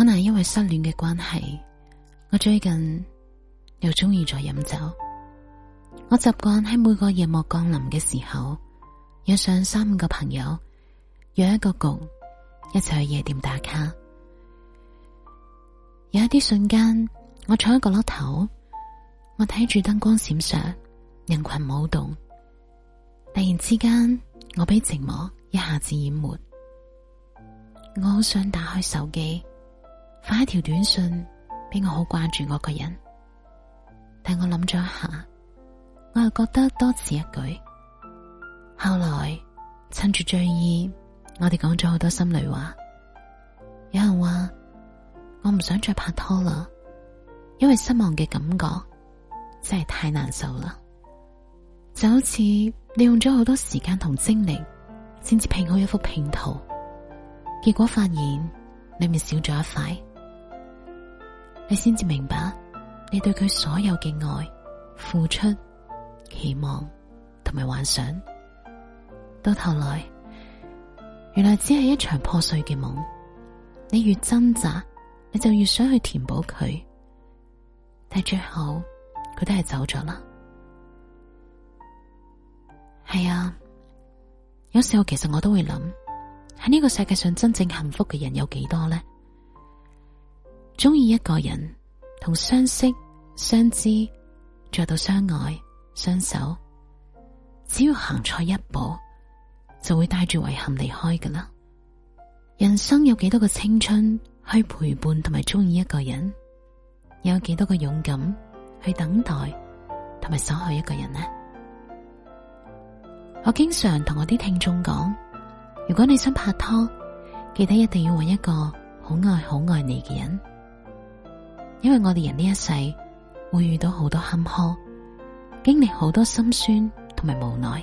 可能因為失戀嘅關係，我最近又中意咗飲酒。我習慣喺每個夜幕降臨嘅時候，約上三五個朋友，約一個局，一齊去夜店打卡。有一啲瞬間，我坐喺角落頭，我睇住燈光閃爍、人群舞動，突然之間，我俾寂寞一下子淹沒。我好想打開手機。發一條短信俾我好掛住我個人，但我諗咗一下，我又覺得多此一舉。後來趁住醉意，我哋講咗好多心裏話。有人話我唔想再拍拖啦，因為失望嘅感覺真係太難受啦。就好似你用咗好多時間同精力，先至拼好一幅拼圖，結果發現裏面少咗一塊。你先至明白，你對佢所有嘅愛、付出、期望同埋幻想，到頭來原來只係一場破碎嘅夢。你越掙扎，你就越想去填補佢，但最後佢都係走咗啦。係啊，有時候其實我都會諗，喺呢個世界上真正幸福嘅人有幾多呢？鍾意一個人，同相識、相知，再到相愛、相守，只要行錯一步，就會帶住遺憾離開㗎啦。人生有幾多個青春去陪伴，同埋鍾意一個人，有幾多個勇敢去等待，同埋守候一個人呢？我經常同我啲聽眾講，如果你想拍拖，記得一定要搵一個好愛、好愛你嘅人。因為我哋人呢一世會遇到好多坎坷，經歷好多心酸同埋無奈，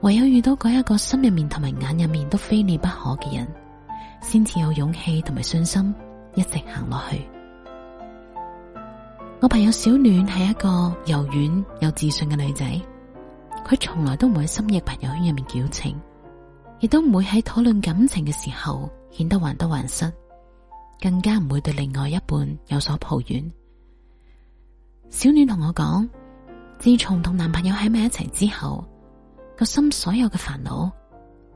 唯有遇到嗰一個心入面同埋眼入面都非你不可嘅人，先至有勇氣同埋信心一直行落去。我朋友小暖係一個柔軟又自信嘅女仔，佢從來都唔會喺深夜朋友圈入面矯情，亦都唔會喺討論感情嘅時候顯得患得患失。更加唔會對另外一半有所抱怨。小暖同我講，自從同男朋友喺埋一齊之後，個心所有嘅煩惱、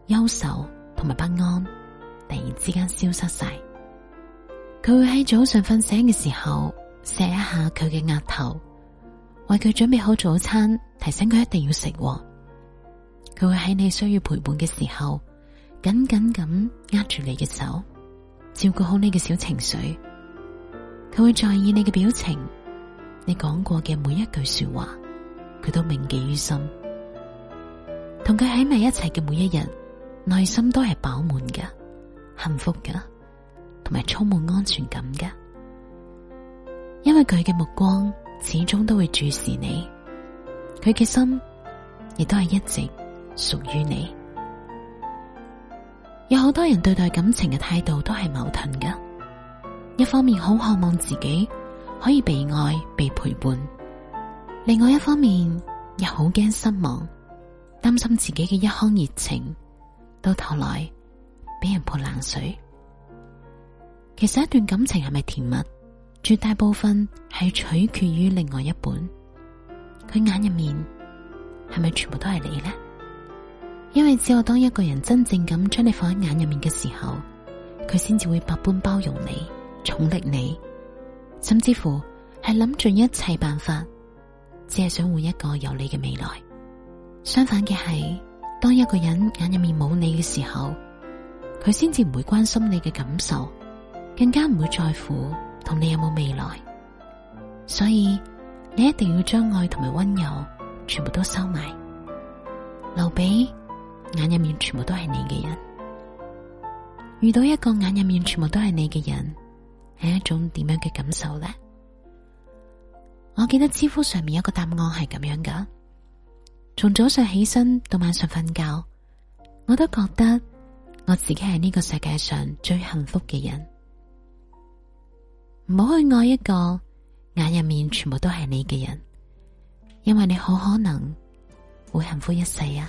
憂愁同埋不安，突然之間消失晒。佢會喺早上瞓醒嘅時候，錫一下佢嘅額頭，為佢準備好早餐，提醒佢一定要食。佢會喺你需要陪伴嘅時候，緊緊咁握住你嘅手。照顧好你嘅小情緒，佢會在意你嘅表情，你講過嘅每一句說話，佢都銘記於心。同佢喺埋一齊嘅每一日，內心都係飽滿㗎、幸福㗎，同埋充滿安全感㗎，因為佢嘅目光始終都會注視你，佢嘅心亦都係一直屬於你。有好多人對待感情嘅態度都係矛盾㗎，一方面好渴望自己可以被愛、被陪伴；另外一方面又好驚失望，擔心自己嘅一腔熱情到頭來俾人潑冷水。其實一段感情係咪甜蜜，絕大部分係取決於另外一半，佢眼入面係咪全部都係你呢？因為只有當一個人真正咁將你放喺眼入面嘅時候，佢先至會百般包容你、寵溺你，甚至乎係諗盡一切辦法，只係想換一個有你嘅未來。相反嘅係，當一個人眼入面冇你嘅時候，佢先至唔會關心你嘅感受，更加唔會在乎同你有冇未來。所以你一定要將愛同埋溫柔全部都收埋，留俾眼入面全部都係你嘅人，遇到一個眼入面全部都係你嘅人，係一種點樣嘅感受咧？我記得知乎上面有個答案係咁樣噶，從早上起身到晚上瞓覺，我都覺得我自己係呢個世界上最幸福嘅人。唔好去愛一個眼入面全部都係你嘅人，因為你好可能會幸福一世啊！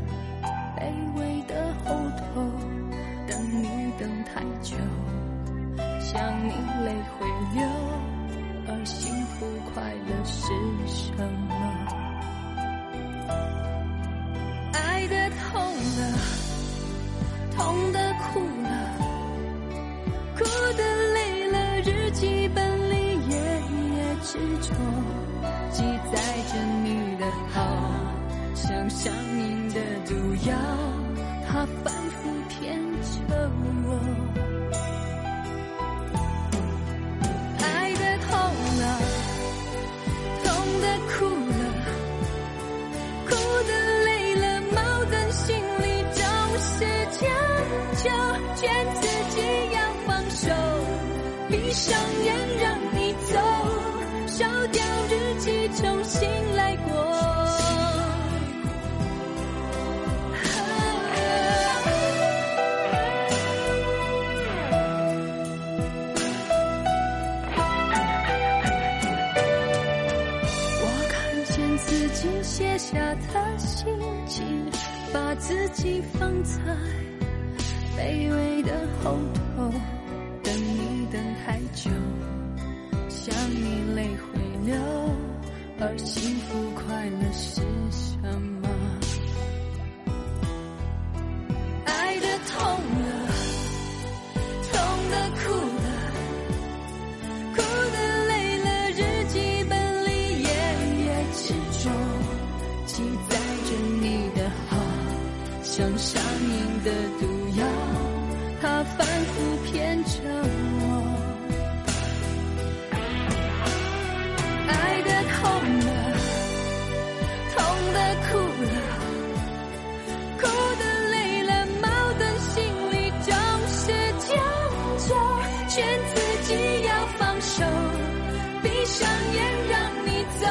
卑微的後頭，等你等太久，想你淚會流，而幸福快樂是什麼？愛的痛了，痛的哭了，哭的累了，日記本裏頁頁執着，記載着你的好，想想你。就要他反復騙着我，愛的痛了，痛的哭了，哭的累了，矛盾心裏總是強求，勸自己要放手，閉上眼讓。寫下的心情，把自己放在卑微的後。閉上眼，讓你走，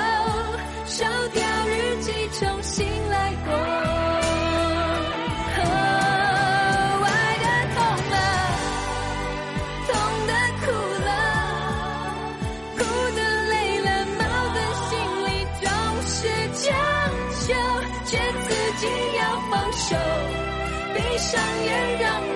燒掉日記，重新來過。Oh, 愛的痛了，痛的哭了，哭的累了，矛盾心裏總是強求，勸自己要放手。閉上眼讓你，讓。